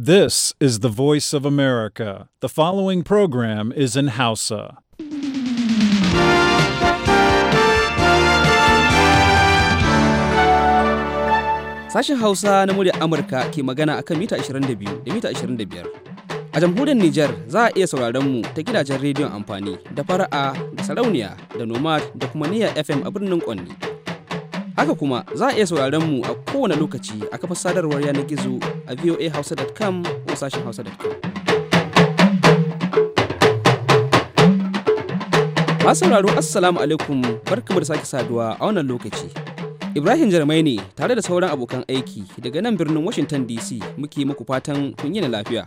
This is the voice of America. The following program is in Hausa. Sashen Hausa na muryar Amurka ke magana akan mita 22 da mita 25. A jamhuriyar Nijar za a iya sauraron mu ta gidajen rediyon amfani da fara'a da sarauniya da nomad da kuma niyyar FM a birnin Kwanni. Haka kuma za a iya sauraron mu a kowane lokaci a kafar sadarwar yanar gizo a voahausa.com ko sashen hausa.com. Ma sauraro Assalamu alaikum barkamu da sake saduwa a wannan lokaci. Ibrahim Jarmai ne tare da sauran abokan aiki daga nan birnin Washington DC muke muku fatan kun yi lafiya.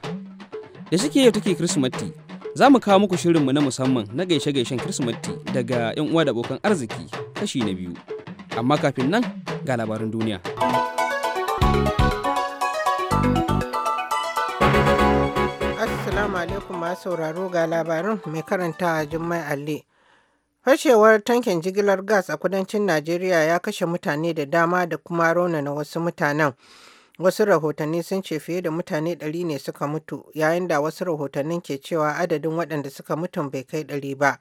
Da shike yau take Kirsimati, za mu kawo muku shirinmu na musamman na gaishe-gaishen Kirsimati daga 'yan uwa da abokan arziki kashi na biyu. amma kafin nan ga labarin duniya. Assalamu alaikum masu sauraro ga labarin mai karanta Jummai Ali. Fashewar tankin jigilar gas a kudancin Najeriya ya kashe mutane da dama da kuma rauna na wasu mutanen. Wasu rahotanni sun ce fiye da mutane ɗari ne suka mutu, yayin da wasu rahotannin ke cewa adadin waɗanda suka mutu bai kai ɗari ba.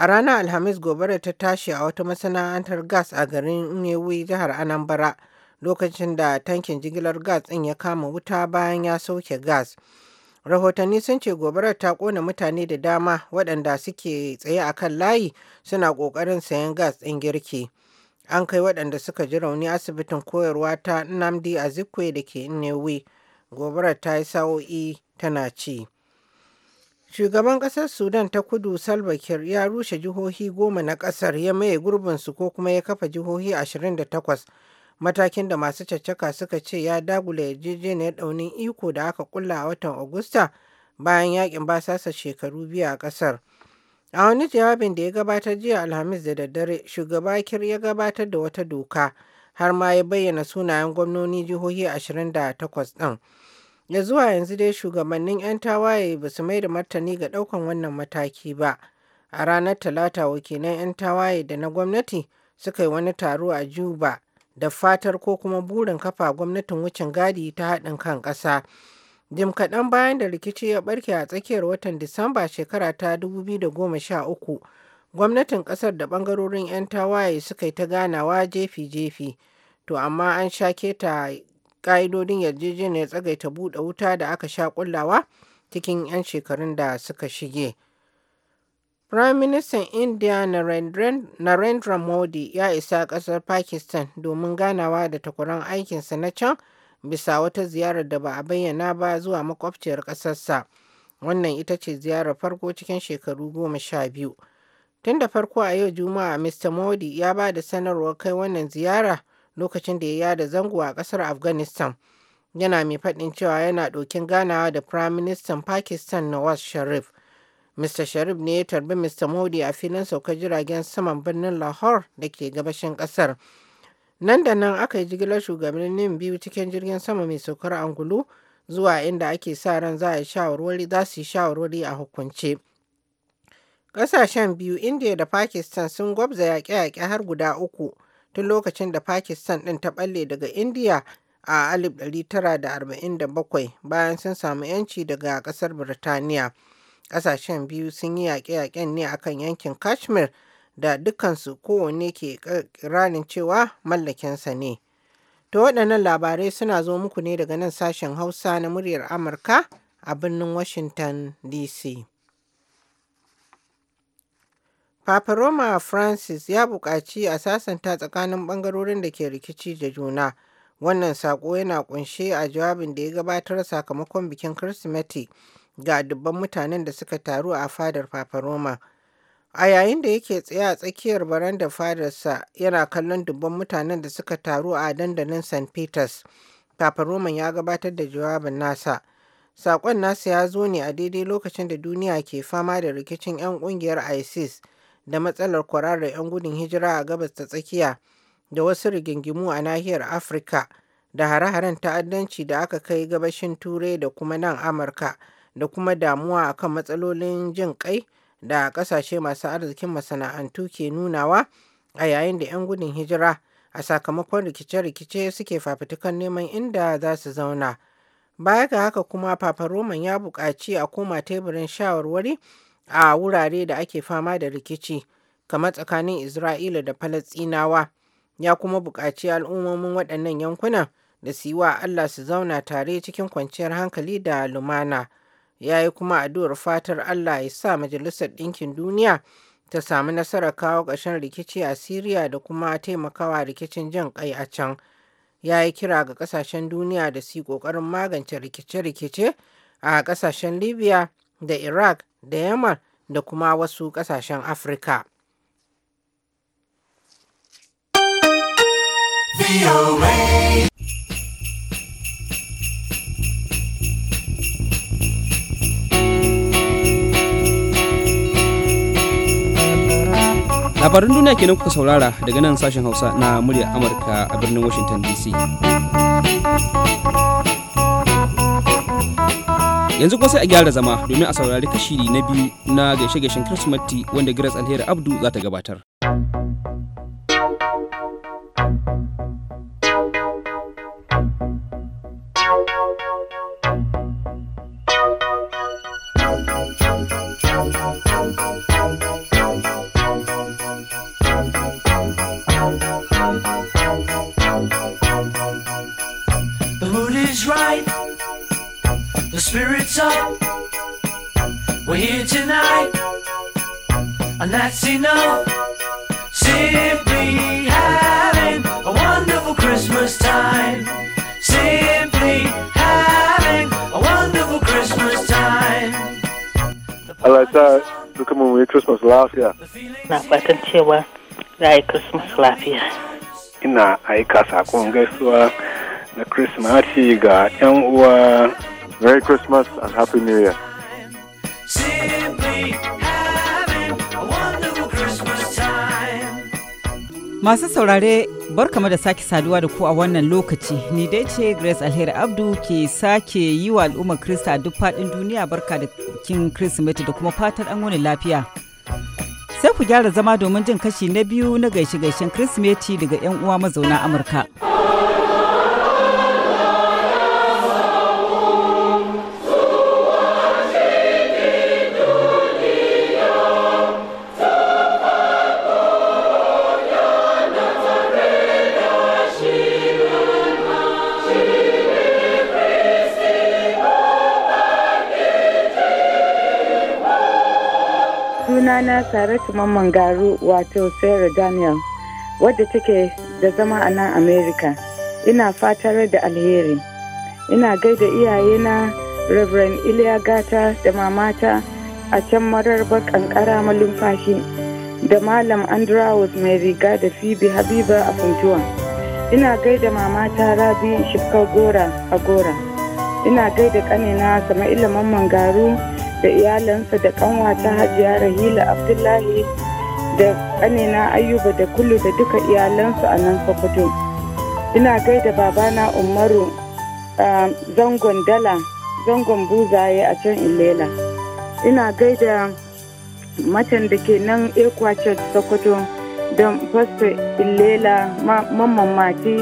A ranar Alhamis gobara ta tashi a wata masana'antar gas a garin Nnewi jihar Anambra lokacin da tankin jigilar gas din ya kama wuta bayan ya sauke gas. Rahotanni sun ce gobarar ta kona mutane da dama waɗanda suke tsaye a kan layi suna ƙoƙarin sayan gas ɗin girki. An kai waɗanda suka ji rauni asibitin koyarwa ta Nnamdi Azikwe da ke Nnewi. Gobarar ta yi sa'o'i tana ci. Shugaban ƙasar Sudan ta kudu Salva Kiir ya rushe jihohi goma na ƙasar ya maye gurbinsu ko kuma ya kafa jihohi 28 matakin da masu caccaka suka ce ya dagula yarjejeniyar ɗaunin iko da aka kulla a watan Agusta bayan yakin basasa shekaru biyu a ƙasar. A wani jawabin da ya gabatar jiya Alhamis da daddare, shugaba Kir ya gabatar da wata doka har ma ya bayyana sunayen gwamnoni jihohi 28 ɗin. ya zuwa yanzu dai shugabannin 'yan tawaye ba su mai da martani ga ɗaukan wannan mataki ba a ranar talata wakilan 'yan tawaye da na gwamnati suka yi wani taro a juba da fatar ko kuma burin kafa gwamnatin wucin gadi ta haɗin kan ƙasa jim kaɗan bayan da rikici ya ɓarke a tsakiyar watan disamba shekara ta 2013 gwamnatin ƙasar da ɓangarorin 'yan tawaye suka yi ta ganawa jefi-jefi to amma an sha keta Ka'idodin yarjejeniyar tsagaita buɗe wuta da aka sha kullawa cikin 'yan shekarun da suka shige. Prime Minister India Narendra Modi ya isa ƙasar Pakistan domin ganawa da takwaran aikinsa na can bisa wata ziyarar da ba a bayyana ba zuwa makwabciyar ƙasarsa. Wannan ita ce ziyarar farko cikin shekaru goma sha biyu. Tun da farko a yau Juma'a Mr. Modi ya ba da sanarwar kai wannan ziyara lokacin da ya yada zango a kasar afghanistan yana mai faɗin cewa yana ɗokin ganawa da prime minister pakistan nawaz sharif mr sharif ne ya tarbi mr modi a filin saukar jiragen saman birnin lahore da ke gabashin kasar nan da nan aka yi jigilar shugabannin biyu cikin jirgin sama mai saukar angulu zuwa inda ake sa ran za a shawarwari za su yi shawarwari a hukunce ƙasashen biyu india da pakistan sun gwabza yaƙe-yaƙe har guda uku tun lokacin da Pakistan ɗin ta ɓalle daga India a 1947 bayan sun samu 'yanci daga ƙasar Birtaniya. Ƙasashen biyu sun yi yaƙe-yaƙen ne akan yankin Kashmir da dukansu kowanne ke ƙirarin cewa mallakinsa ne. To waɗannan labarai suna zo muku ne daga nan sashen Hausa na muryar Amurka a birnin Washington DC. Papa Roma Francis ya buƙaci a sasanta tsakanin ɓangarorin da ke rikici da juna. Wannan saƙo yana ƙunshe a jawabin da ya gabatar sakamakon bikin Kirsimeti ga dubban mutanen da suka taru a fadar Papa Roma. A yayin da yake tsaye a tsakiyar barandar fadarsa yana kallon dubban mutanen da suka taru a dandalin St. Peters. Papa Roman ya gabatar da jawabin nasa. Saƙon nasa ya zo ne a daidai lokacin da duniya ke fama da rikicin 'yan ƙungiyar ISIS. da matsalar kwararar 'yan gudun hijira a gabas ta tsakiya da wasu rigingimu a nahiyar afirka da hare-haren ta'addanci da aka kai gabashin turai da kuma nan amurka da kuma damuwa akan matsalolin jin kai da kasashe masu arzikin masana'antu ke nunawa a yayin da 'yan gudun hijira a sakamakon rikice-rikice suke fafutukan neman inda za su zauna baya ga haka kuma papa roman ya buƙaci a koma teburin shawarwari a wurare da ake fama da rikici kamar tsakanin Isra'ila da Falasɗinawa ya kuma buƙaci al'ummomin waɗannan yankunan da su yi wa Allah su zauna tare cikin kwanciyar hankali da lumana. Ya yi kuma addu'ar fatar Allah ya sa Majalisar Ɗinkin Duniya ta samu nasarar kawo ƙarshen rikici a Siriya da kuma taimakawa rikicin jin ƙai a can. Ya yi kira ga ƙasashen duniya da su yi ƙoƙarin magance rikice-rikice a ƙasashen Libya da Iraq da yamma da kuma wasu ƙasashen Afirka. labarin duniya kenan kuka saurara daga nan sashen hausa na murya amurka a birnin washington dc yanzu kuma sai a gyara zama domin a saurari kashiri na biyu na gaishe-gaishen kirsimati wanda giras alheri abdu za ta gabatar night. A enough. simply having a wonderful Christmas time. Simply having a wonderful Christmas time. Hello, sir. Look at me, Christmas laugh, yeah. Na fatan cewa za a Christmas Christmas lafiya. Ina aika sakon gaisuwa na Christmas ga 'yan uwa. Merry Christmas and Happy New Year. Masu saurare kama da sake saduwa da ku a wannan lokaci. Ni dai ce Grace Alheri Abdu ke sake yi wa al'ummar Kirista duk faɗin duniya barka da kin Kirsimeti da kuma fatar an wani lafiya. Sai ku gyara zama domin jin kashi na biyu na gaishe-gaishen Kirsimeti daga 'yan uwa mazauna Amurka. Saratu Mamman Garu wato Sarah Daniel wadda take da zama a nan America. Ina fatar da alheri. Ina gaida iyayena Reverend Iliya Gata da mamata a can mararbar kankara malumfashi da Malam andrews mai riga da Phoebe Habiba a Funtuwa. Ina gaida mamata Rabi Shifkar Gora a Gora. Ina gaida kanina Sama'ila Mamman Garu da iyalansa da kanwata hajiya rahila abdullahi da kanina ayuba da kullu da duka iyalansu a nan sokoto ina gaida babana umaru zangon dala zangon buzaye a can ilela ina gaida matan da ke nan ekwa sokoto da fasta ilela mamman mati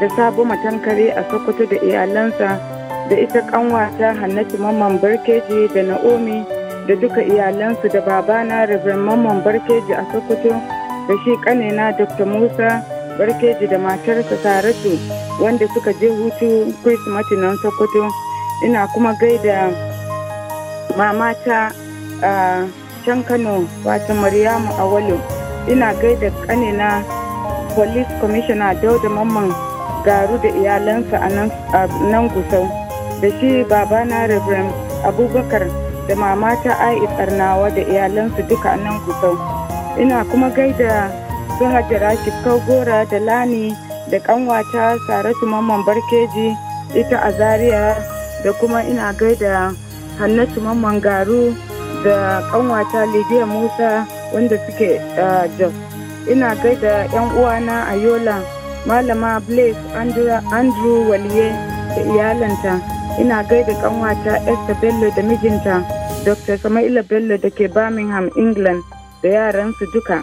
da sabo matankare a sokoto da iyalansa da ita kanwata hannatu mamman barkeji da na'omi da duka iyalansu da babana reverend mamman barkeji a sokoto da shi kanina dr musa barkeji da matarsa saratu wanda suka je hutu kristmati nan sokoto ina kuma gaida mamata a can kano wata maryamu awalo ina gaida kanina police commissioner dauda mamman garu da iyalansa a nan gusau da shi babana Reverend Abubakar da mamata Ai Tsarnawa da iyalansu duka a nan kusau Ina kuma gaida su hajjara Shifkau Gora da Lani da kanwata Saratu Mamman Barkeji ita a Zaria da kuma ina gaida Hannatu Mamman Garu da kanwata Lidiya Musa wanda suke uh, Jos. Ina gaida 'yan uwana a Yola, Malama blake Andrew Waliye. da iyalanta ina gaida kanwata esther bello da mijinta dr sama'ila bello da ke birmingham england da yaransu duka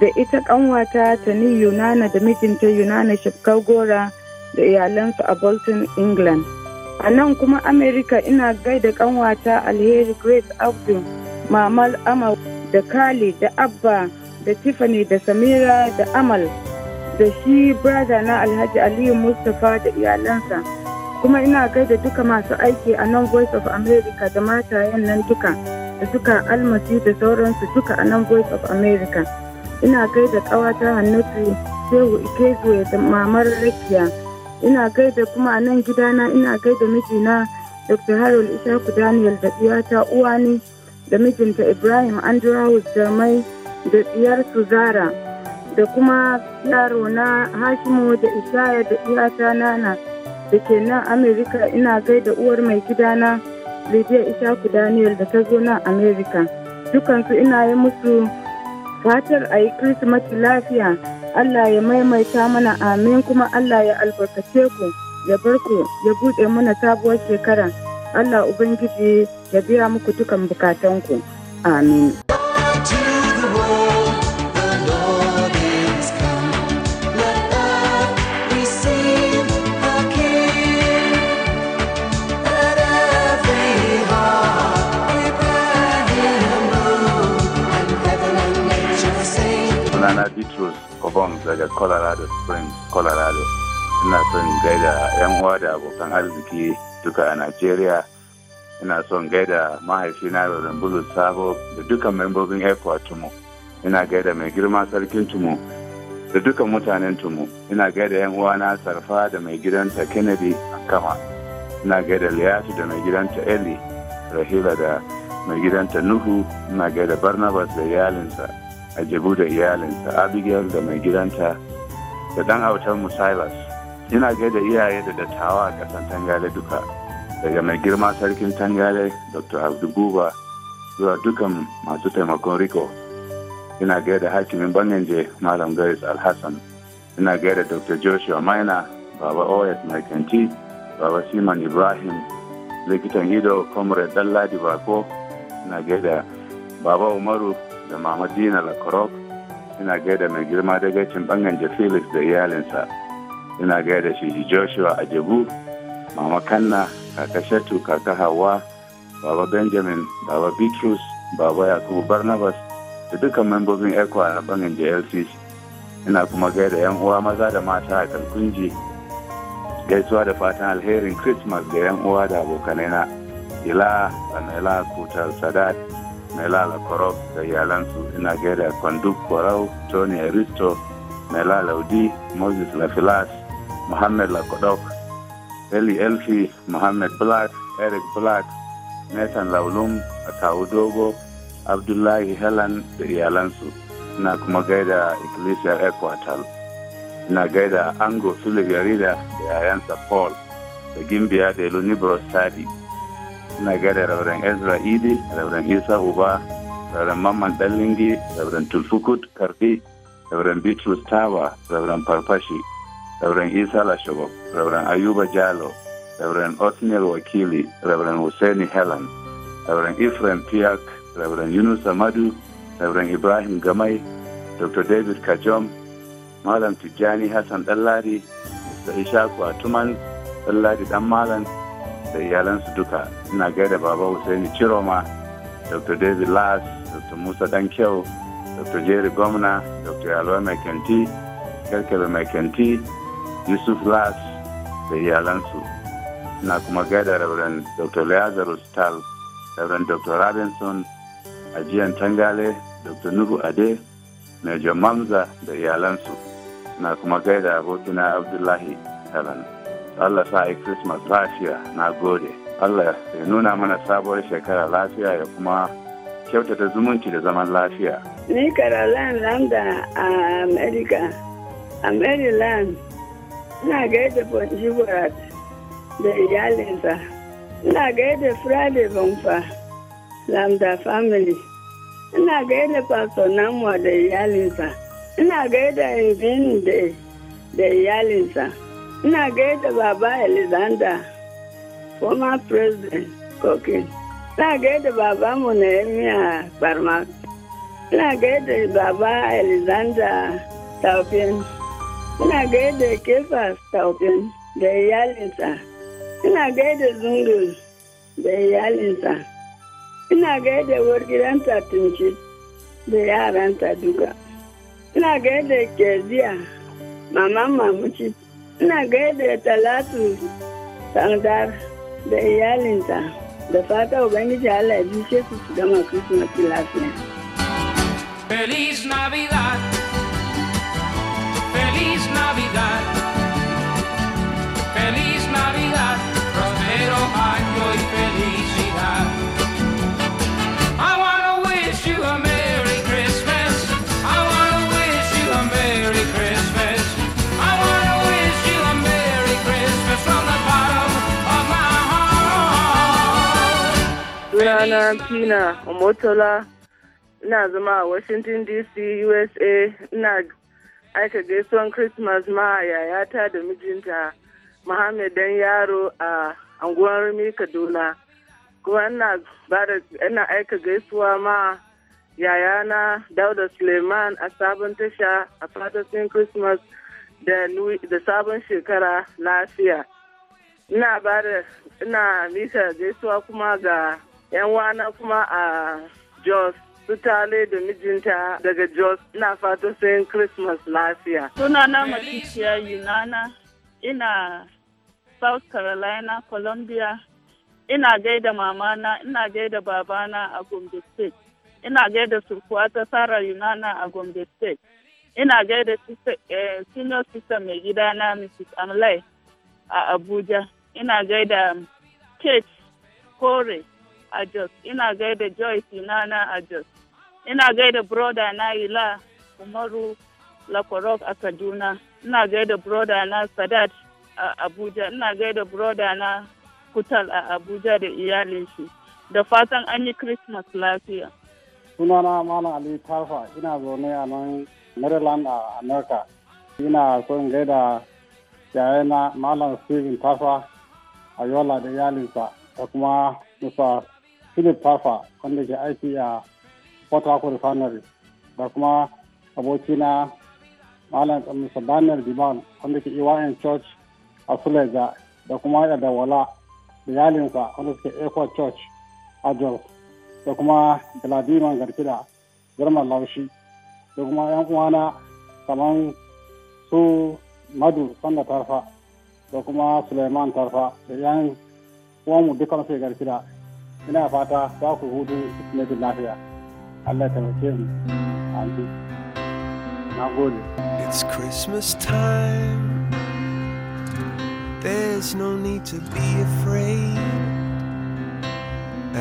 da ita kanwata tani yunana da mijinta yunana shafkar gora da iyalansu a bolton england a nan kuma amerika ina gaida kanwata alheri grace abdu mamal amal da kali da abba da tiffany da samira da amal da shi brother na alhaji aliyu mustapha da iyalansa kuma ina gaida duka masu aiki a nan voice of america da matayen nan duka da suka almasi da sauransu duka a nan voice of america ina gaida ƙawata hannatu shehu ikezuwe da mamar rakiya ina gaida kuma a nan gidana ina gaida mijina dr harold isaku daniel da ɗiyata uwani da mijinta ibrahim andrews jamai da ɗiyar zara da kuma yaro na hashimu da ishaya da iyata nana da ke nan Amerika ina gaida uwar mai gidana Lydia Ishaku Daniel da ta zo nan Amerika. Dukansu ina yi musu fatar a yi Kirsimati lafiya. Allah ya maimaita mana amin kuma Allah ya albarkace ku ya bar ku ya buɗe mana sabuwar shekara. Allah Ubangiji ya biya muku dukan bukatanku. Amin. Bitrus Kobon daga Colorado Springs, Colorado. Ina son gaida 'yan uwa da abokan arziki duka a Najeriya. Ina son gaida mahaifina da Bulus Sabo da dukan membobin airport Tumu. Ina gaida mai girma sarkin Tumu da dukan mutanen Tumu. Ina gaida 'yan uwana Sarfa da mai gidanta Kennedy Kama. Ina gaida Liyatu da mai gidanta Eli Rahila da mai gidanta Nuhu. Ina gaida Barnabas da iyalinsa. a jebu da iyalinsa abigail da mai gidanta da dan autar mu silas ina gaida iyaye da dattawa a kasan tangale duka daga mai girma sarkin tangale dr abdububa zuwa dukan masu taimakon riko ina gaida hakimin banganje malam garis alhassan ina gaida dr joshua maina baba oyes mai kanti baba siman ibrahim likitan ido comrade dalladi bako ina gaida baba umaru da mama dina lakorok ina gaida mai girma gacin banganje felix da iyalinsa ina gaida shi joshua a ajebu mama kanna kaka shatu kaka hawa baba benjamin baba bitrus baba yakubu barnabas da dukkan membobin a bangan banganje lcc ina kuma gaida yan uwa maza da mata a kalkunji gaisuwa da fatan alherin christmas ga yan uwa da abokanai na ila sanela kutar sadat mai lala korob da iyalansu ina gaida kwanduk korau tony aristo mai udi moses lafilas mohammed lakodok eli elfi mohammed black eric black nathan laulum akawu dogo abdullahi helen da iyalansu ina kuma gaida ecclesiar equatal ina gaida ango sule yarida da yayansa paul da gimbiya da lunibro sadi nagare gaida Reverend Ezra Idi, Reverend Isa Uba, Reverend Mamman Dallingi, Reverend Tulfukut Karfi, Reverend Bitrus Tawa, Reverend parpashi Reverend Isa Lashobo, Reverend Ayuba Jalo, Reverend Othniel Wakili, Reverend Hosseini Helen, Reverend Ephraim Piak, Reverend Yunus Amadu, Reverend Ibrahim Gamai, Dr. David Kajom, Malam Tijani Hassan Dallari, Mr. Ishaku Atuman, Dallari Dammalan, da iyalansu duka ina gaida baba Hussaini Chiroma Dr. David Las Dr. Musa Dankyau Dr. Jerry Gomna Dr. Yalwa Mekenti Kirkebe Mekenti Yusuf Las da iyalansu ina kuma gaida Reverend Dr. Lazarus Tal Reverend Dr. Robinson Ajiyan Tangale Dr. Nuhu Ade Major Mamza da iyalansu na kuma gaida abokina Abdullahi Helen. Allah sa yi Christmas lafiya na gode. Allah ya nuna mana sabuwar shekara lafiya ya kuma kyautata zumunci da zaman lafiya. Ni Caroline Landa a America, a Maryland, ina gaida Bonjiburat da iyalinsa. Ina gaida Friday Bonfa, Lambda Family. Ina gaida Pastor Namwa da iyalinsa. Ina gaida Invin da iyalinsa. Ina gaida Baba Alexander, former president Kokin. Ina gaida Baba Munayemiya Barma. Ina gaida Baba Alexander Taufin. Ina gaida Kefa Taufin da iyalinsa. Ina gaida Zungu da iyalinsa. Ina gaida Wargidanta Tunci da yaranta duka. Ina gaida kezia Maman Mamuci. Nagre de Talatu Sandar de Yalinta, de fata Ubangiji Allah ya bishe su su gama Christmas Feliz Navidad. Feliz Navidad. Feliz Navidad. Romero, año y feliz Pina Omotola ina zama a Washington DC USA ina aika gaisuwan Christmas ma yayata da mijinta Muhammad dan yaro a anguwar Rumi Kaduna kuma ina aika gaisuwa ma yayana Dauda Suleiman a sabon tasha a fatasin Christmas da sabon shekara lafiya ina bada ina gaisuwa kuma ga 'yan wana kuma a Jos su tale da mijinta daga Jos ina fata sayan Christmas lafiya. suna na Maticiya Yunana ina South Carolina, Columbia. Ina gaida mamana, ina gaida babana a Gombe State. Ina gaida ta Sara Yunana a Gombe State. Ina gaida eh, senior sister mai gida na Mrs. Amlai a Abuja. Ina gaida um, Kate Kore a Jos, ina gaida Joyce Yunana a Jos, ina gaida broda na Ila Umaru Lakorok a Kaduna, ina gaida broda na Sadat a Abuja, ina gaida broda na Kutal a Abuja da iyalin shi. Da fatan an yi Christmas lafiya. Sunana Malam Ali Tarfa, ina zaune a nan Maryland a America. Ina son in gaida yayana Malam Steven Tarfa a Yola da iyalinsa da kuma Musa philip fafa wanda ke aiki a port harcourt refinery da kuma abokina malam musa banar diban wanda ke iwayen e church a suleja da kuma da wala da yalinsa wanda suke airport church a jos da kuma galadiman garkida garman laushi da kuma yan uwana kamar su madu sanda tarfa da kuma suleiman tarfa da yan uwanmu dukkan su garkida ina fata za ku hudu lafiya allah ta mace mu na gode it's christmas time there's no need to be afraid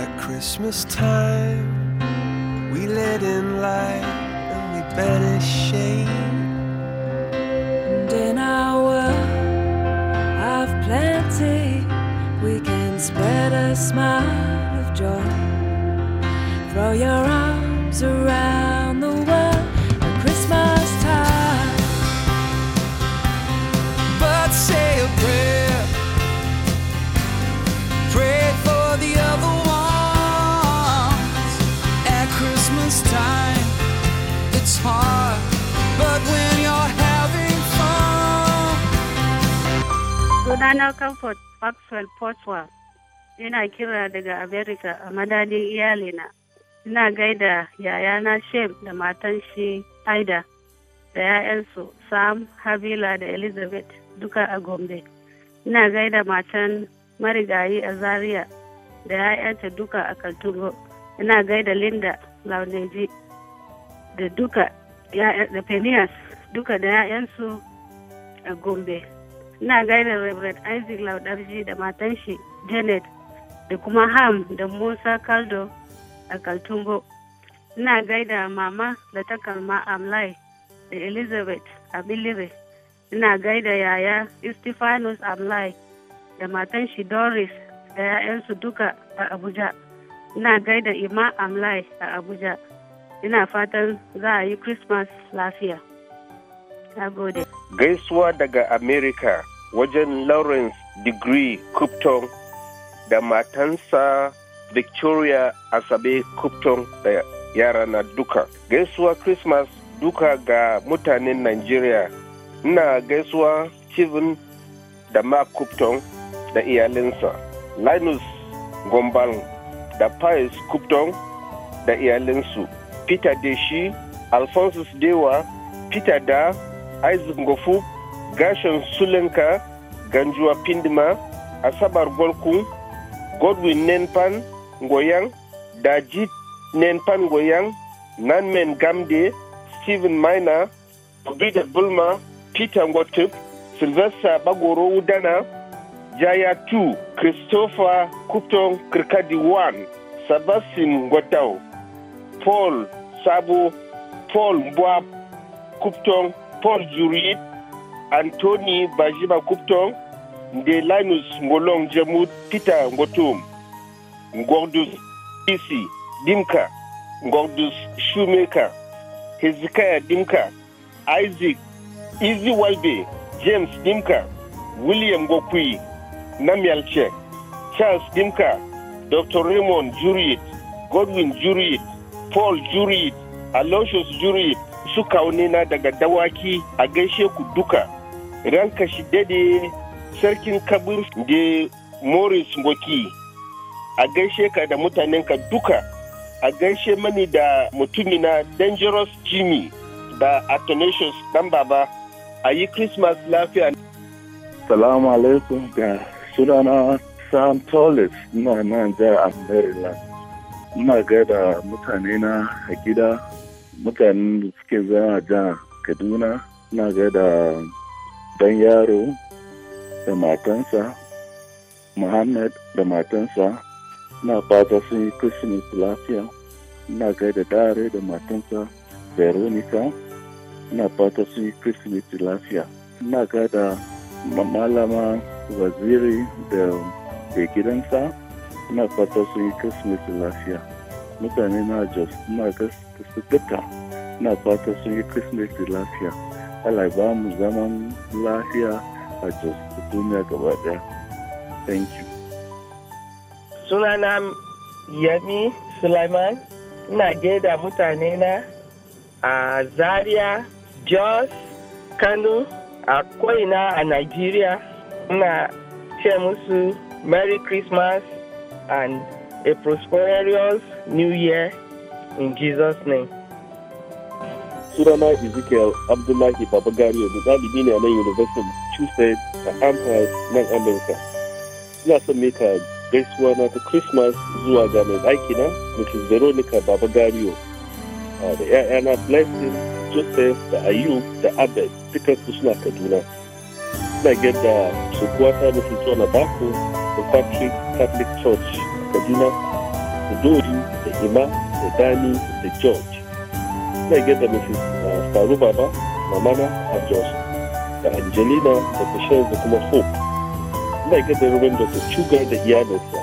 at christmas time we let in light and we banish shade and in our world of plenty we can spread a smile joy. Throw your arms around the world at Christmas time. But say a prayer. Pray for the other ones at Christmas time. It's hard, but when you're having fun. good Comfort, Maxwell Portsmouth. yana kira daga Amerika a madadin iyalina. Ina gaida yayana Shem da matan shi Aida da 'ya'yansu Sam, Habila da Elizabeth duka a Gombe. Ina gaida matan marigayi a Zaria da 'ya'yanta duka a Kaltungo. Ina gaida Linda Launeji da duka da Phineas duka da 'ya'yansu a Gombe. Ina gaida Reverend Isaac Laudarji da matan shi Janet da kuma ham da musa kaldo a kaltungo ina gaida mama da takalma amlai da elizabeth a bilire ina gaida yaya istifanus amlai da matan shi doris da 'ya'yansu duka a abuja ina gaida ima amlai a abuja ina fatan za a yi christmas lafiya gaisuwa daga america wajen lawrence degree cupton da matansa victoria asabe kupton da yara na duka gaisuwa christmas duka ga mutanen nigeria na gaisuwa steven da mark kupton da iyalinsa linus gombal da pius kupton da iyalinsu peter deshi alphonsus dewa peter da isaac ngofu gashin sulenka ganjuwa pindima asabar golku godwin nenpan ngoyang dajit nenpan ngoyang nanmen gamde stephen miner obida bulma peter ngotup sylvester bagoro udana jaya tu christopher kuptong kirkadi 1 sebastian ngotau paul sabo paul mbwap kuptong paul jurit anthony bajiba kuptong ngelinus ngolong jamu tita ngotum ngordus isi dimka ngordus shoemaker hezekiah dimka isaac izi walbe james dimka william gokui namialche charles dimka dr raymond juriet godwin juriet paul juriet aloysius juriet su kaunina daga dawaki a gaishe ku duka ranka shi dade sarkin kabir da morris mboki a gaishe ka da mutanenka duka a gaishe mani da mutumi na dangerous jimmy da athanasius dan baba a yi christmas lafiya salamu alaikum ga sunana sam tolis na nan jihar maryland ina gaida mutane na a gida mutanen da suke zama jihar kaduna ina gaida dan yaro da matansa muhammad da matansa na fata sun yi christmas lafiya na gaida dare da matansa veronica na fata sun yi christmas lafiya na gaida malama waziri da ke gidansa na fata sun yi christmas lafiya mutane na jos na gasu duka na fata sun yi christmas lafiya Allah mu zaman lafiya a jos duniya gaba daya thank you sunana yami sulaiman ina gaida mutane na a zaria jos kano a ko'ina a nigeria ina ce musu merry christmas and a prosperous new year in jesus name sunana ezekiel abdullahi babagari yanzu ɗalibi ne a nan university Tuesday, the Empire, North America. Last amerika Lasamika gaisuwa na ta Christmas zuwa ga Aikina, which is Veronica Babagario da uh, ‘ya'yana Blessing, Joseph the Ayub da Abed dukansu suna Kaduna. the gyada sukuwata Mrs. John Abako the Patrick Catholic Church Kaduna da Dodi da Ima da Dani da George. get the Mrs. Faru uh, Baba, Mamana and Joseph. da angelina da michelle da kuma hope ina da reverend dr chuga da iyalinsa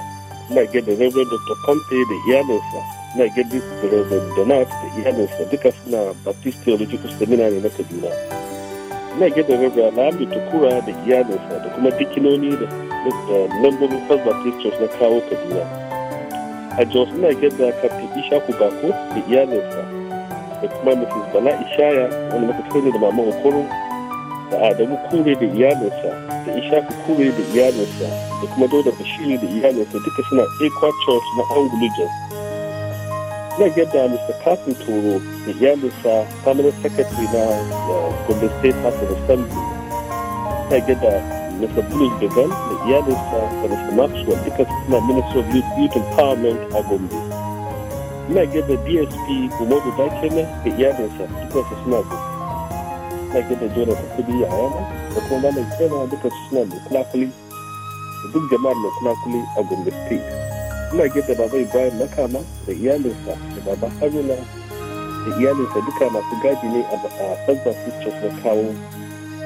ina da reverend dr pompe da iyalinsa ina gaida reverend donat da iyalinsa duka suna baptist theological seminary na kaduna ina gaida reverend lami tukura da iyalinsa da kuma dikinoni da lambobin first baptist church na kawo kaduna a jos ina da captain ishaku bako da iyalinsa da kuma mrs bala ishaya wani ne da mama okoro da adamu kure da iyalinsa da ishaku kure da iyalinsa da kuma dauda bashiru da iyalinsa duka suna equa church na anglican na yadda mr kafin toro da iyalinsa family secretary na eh, gombe state house of assembly na yadda mr bullish devon da iyalinsa da mr maxwell duka suna minister of youth empowerment a gombe na yadda dsp umaru dakena da iyalinsa duka suna gombe na da ta kudi a yana da kuma malam kenan duka suna mai kulakuli da duk jama'ar mai kulakuli a gombe state ina da babai bayan makama da iyalinsa da baba haruna da iyalinsa duka masu gadi ne a sassa pictures na kawo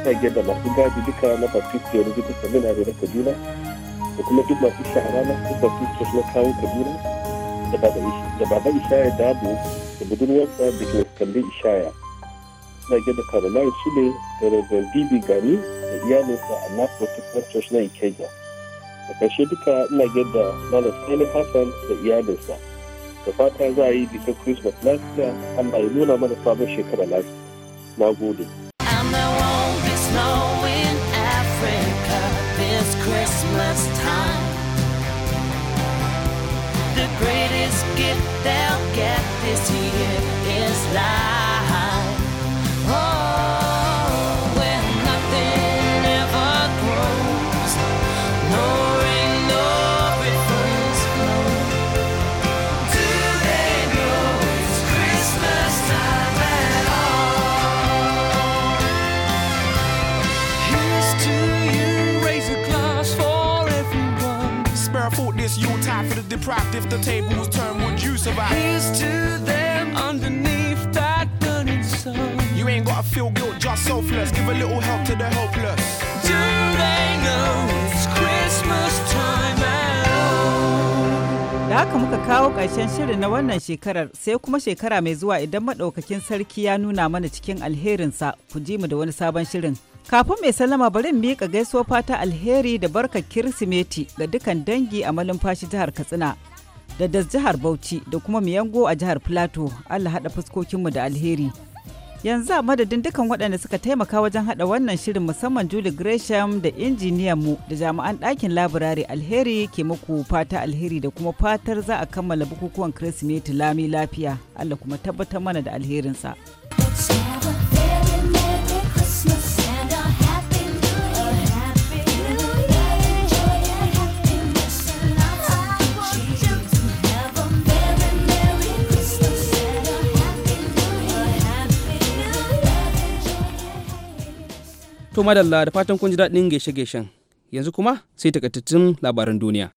ina da masu gadi duka na baptist duka seminary na kaduna da kuma duk masu shahara na baptist church na kawo kaduna da baba ishaya dabo da budurwarsa uh, da ke kalli ishaya zage da caroline chile da reverend bibi gani da iyalinsa a napo tukar church na ikeja da ƙarshe duka ina gaida malam sani hassan da iyalinsa da fata za a yi bikin christmas lafiya an ya nuna mana sabon shekara lafiya na gode propped if the table was turned? Would you survive? Here's to them underneath that burning sun. You ain't gotta feel guilt, just selfless. Give a little help to the helpless. Do they know it's Christmas time Da haka muka kawo ƙarshen shirin na wannan shekarar sai kuma shekara mai zuwa idan maɗaukakin sarki ya nuna mana cikin alherinsa ku ji mu da wani sabon shirin. Kafin mai sallama bari in miƙa gaisuwa fata alheri da barka Kirsimeti ga dukan dangi a malumfashi jihar Katsina da das jihar Bauchi da kuma Miyango a jihar Filato Allah haɗa fuskokinmu da alheri. Yanzu a madadin dukan waɗanda suka taimaka wajen haɗa wannan shirin musamman Julie Gresham da injiniyan mu da jami'an ɗakin labirare alheri ke muku fata alheri da kuma fatar za a kammala bukukuwan Kirsimeti lami lafiya Allah kuma tabbatar mana da alherinsa. To madalla da fatan kun ji daɗin gaishe-gaishen. Yanzu kuma sai takaitattun labaran duniya.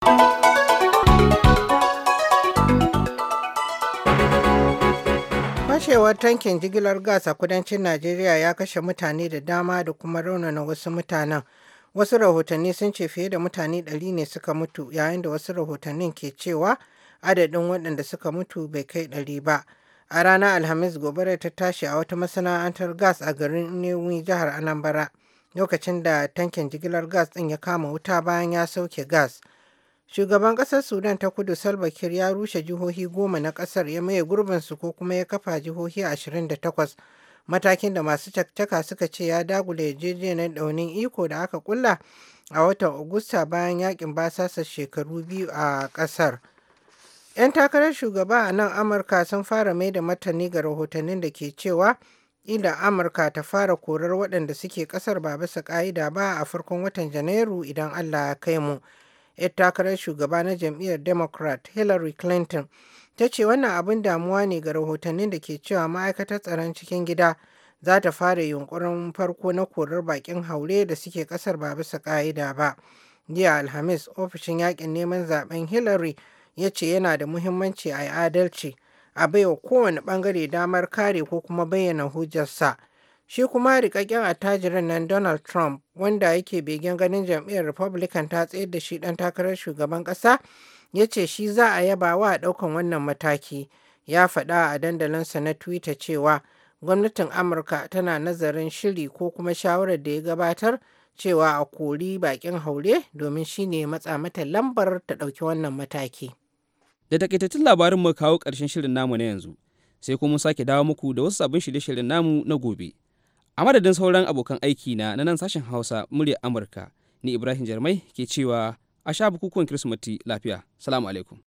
Fashewar tankin jigilar gas a kudancin Najeriya ya kashe mutane da dama da kuma raunana wasu mutanen. Wasu rahotanni sun ce fiye da mutane ɗari ne suka mutu yayin da wasu rahotannin ke cewa adadin waɗanda suka mutu bai kai ɗari ba. A ranar Alhamis gobarar ta tashi a wata masana'antar gas a garin Newi jihar Anambra. lokacin da tankin jigilar gas din ya kama wuta bayan ya sauke gas. Shugaban ƙasar Sudan ta kudu Salva Kiir ya rushe jihohi goma na ƙasar ya maye gurbinsu ko kuma ya kafa jihohi 28 matakin da masu cakcaka suka ce ya dagula na daunin iko da aka kulla a watan Agusta bayan yakin basasa shekaru biyu a ƙasar. 'Yan takarar shugaba a nan Amurka sun fara mai da martani ga rahotannin da ke cewa Inda amurka ta fara korar waɗanda suke ƙasar ba bisa ƙa'ida ba a farkon watan janairu idan allah ya kai mu yar takarar shugaba na jam'iyyar democrat hillary clinton ta ce wannan abin damuwa ne ga rahotannin da ke cewa ma'aikatar tsaron cikin gida za ta fara yunkurin farko na korar baƙin haure da suke ƙasar ba bisa ka'ida ba jiya alhamis ofishin yaƙin neman zaben hillary ya ce yana da muhimmanci a yi adalci a baiwa kowane bangare damar kare ko kuma bayyana hujjarsa. Shi kuma rikakken attajirin nan Donald Trump wanda yake begen ganin jam'iyyar Republican ta tsayar da shi dan takarar shugaban ƙasa ya ce shi za a yaba wa ɗaukan wannan mataki. Ya faɗa a dandalinsa na Twitter cewa gwamnatin Amurka tana nazarin shiri ko kuma shawarar da ya gabatar cewa a kori bakin haure domin shine matsa mata lambar ta ɗauki wannan mataki. da takaitattun labarin mu kawo ƙarshen shirin namu na yanzu sai kuma sake dawo muku da wasu sabbin shirye-shiryen namu na gobe a madadin sauran abokan aiki na na nan sashen hausa murya amurka ni ibrahim jarmai ke cewa a sha bukukuwan kirsimeti lafiya salamu alaikum